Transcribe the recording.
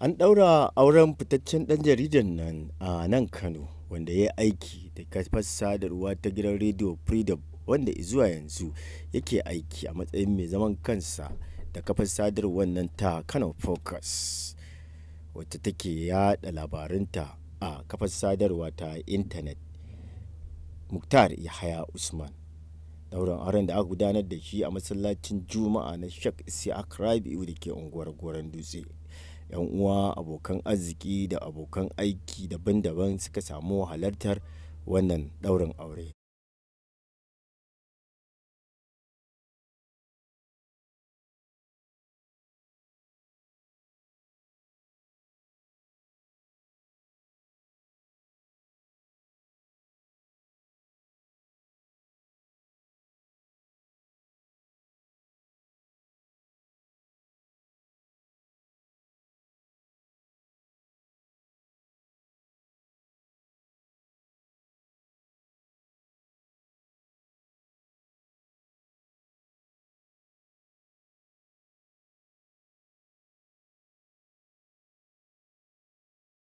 an ɗaura auren fitaccen ɗan jaridan nan a nan kano wanda ya aiki da kafar sadarwa ta gidan rediyo freedom wanda zuwa yanzu yake aiki a matsayin mai zaman kansa da kafar sadarwa nan ta kano focus wacce take yada labarunta a kafar sadarwa ta intanet muktar yahaya usman dauran auren da aka gudanar da shi a masallacin juma'a na shek isi akrabi da ke unguwar goron dutse 'yan uwa abokan arziki da abokan aiki daban-daban suka samu halartar wannan daurin aure.